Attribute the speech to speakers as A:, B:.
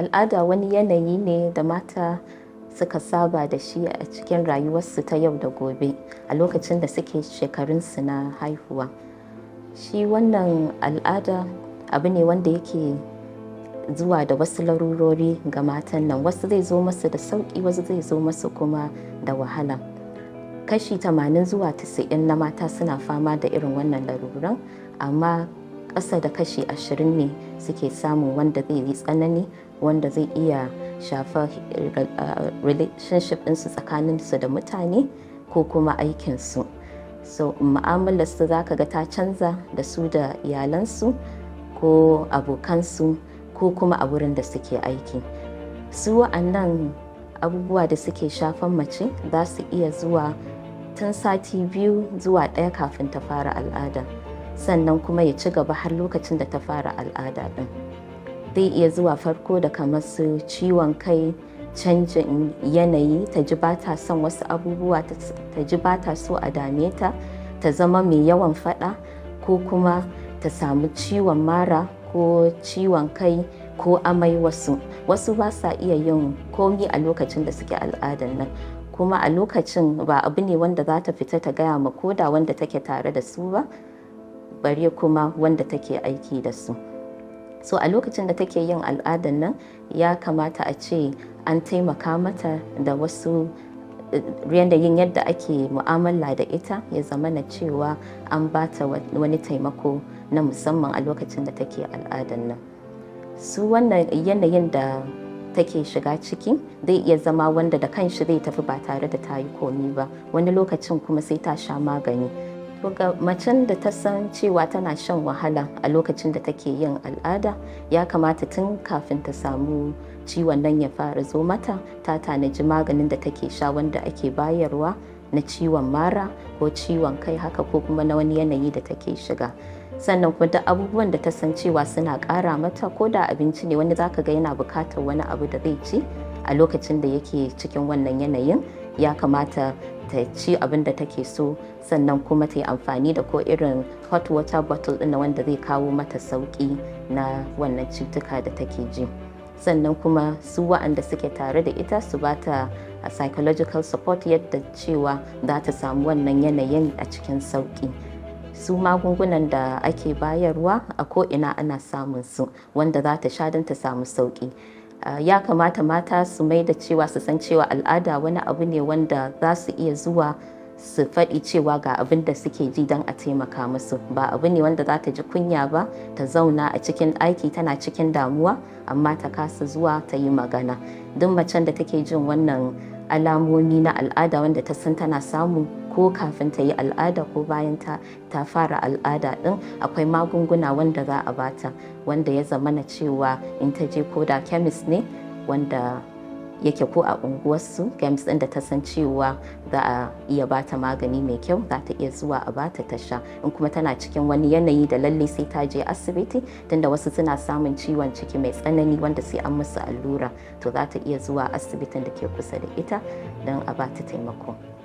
A: al'ada wani yanayi ne da mata suka saba da shi a cikin rayuwarsu ta yau da gobe a lokacin da suke shekarunsu na haihuwa shi wannan al'ada abu ne wanda yake zuwa da wasu larurori ga matan nan wasu zai zo masu da sauƙi wasu zai zo masu kuma da wahala kashi 80 zuwa 90 na mata suna fama da irin wannan laruran amma ƙasa da kashi ashirin ne suke samun wanda zai yi tsanani wanda zai iya shafa uh, relationship ɗinsu tsakaninsu da mutane ko kuma aikinsu so mu'amalarsu za ka ga ta canza da su da iyalansu ko abokansu ko kuma a wurin da suke aiki su wa'annan abubuwa da suke shafan mace za su iya zuwa tun sati biyu zuwa ɗaya kafin ta fara al'ada sannan kuma ya ci gaba har lokacin da ta fara al'ada ɗin. zai iya zuwa farko da kamar su ciwon kai canjin yanayi ta ji ba ta son wasu abubuwa ta ji ba ta so a dame ta ta zama mai yawan fada ko kuma ta samu ciwon mara ko ciwon kai ko amai wasu wasu ba sa iya yin komi a lokacin da suke al'adan nan kuma a lokacin ba abu ne wanda za ta fita ta gaya ma koda wanda take tare da su ba bare kuma wanda take aiki da su. so a lokacin da take yin al'adar nan ya kamata a ce an taimaka mata da wasu da yin yadda ake mu'amala da ita ya zama na cewa an ba ta wani taimako na musamman a lokacin da take al'adar nan su wannan yanayin da take shiga ciki zai iya zama wanda da kanshi zai tafi ba tare da ta yi komi ba wani lokacin kuma sai ta sha magani ga macen da ta san cewa tana shan wahala a lokacin da take yin al'ada ya kamata tun kafin ta samu ciwon nan ya fara zo mata ta tanaji maganin da take sha wanda ake bayarwa na ciwon mara ko ciwon kai haka ko kuma na wani yanayi da take shiga sannan kuma duk abubuwan da ta san cewa suna kara mata ko da abinci ne wani zaka ga yana buƙatar wani abu da zai ci a lokacin da yake cikin wannan yanayin ya kamata ta ci abin da take so sannan kuma ta yi amfani da ko irin hot water bottle ɗin wanda zai kawo mata sauki na wannan cutuka da take ji sannan kuma su wa'anda suke tare da ita su ba ta a psychological support yadda cewa za ta samu wannan yanayin a cikin sauki su magungunan da ake bayarwa a ko'ina ana samun su wanda za ta sha don ta samu sauki. Eh, ya kamata mata su mai da cewa su san cewa al'ada wani abu ne wanda za su iya zuwa su faɗi cewa ga abin da suke ji don a taimaka musu ba abu ne wanda za ta ji kunya ba ta zauna a cikin aiki tana cikin damuwa amma ta kasa zuwa ta yi magana duk macen da take jin wannan alamomi na al'ada wanda ta san tana samu ko kafin ta yi al'ada ko bayan ta fara al'ada din akwai magunguna wanda za a bata wanda ya zamana cewa in ta je ko da chemist ne wanda yake ko a unguwarsu games ɗin da ta san cewa za a iya bata magani mai kyau za ta iya zuwa a bata ta sha in kuma tana cikin wani yanayi da lalle sai ta je asibiti tunda wasu suna samun ciwon ciki mai tsanani wanda sai an musu allura to za ta iya zuwa asibitin da ke kusa da ita don a bata taimako.